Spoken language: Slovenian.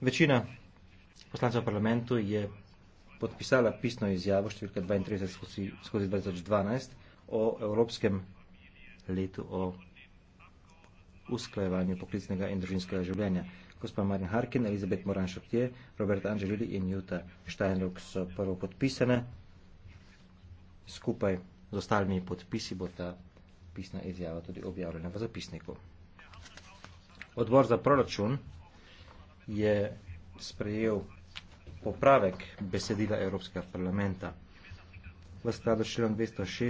Večina poslancev v parlamentu je podpisala pisno izjavo številka 32 skozi, skozi 2012 o evropskem letu o usklajevanju poklicnega in družinskega življenja. Gospod Marin Harkin, Elizabeth Moran Šoptje, Robert Angelili in Juta Steinlok so prvo podpisane. Skupaj z ostalimi podpisi bo ta pisna izjava tudi objavljena v zapisniku. Odbor za proračun je sprejel popravek besedila Evropskega parlamenta. V skladu s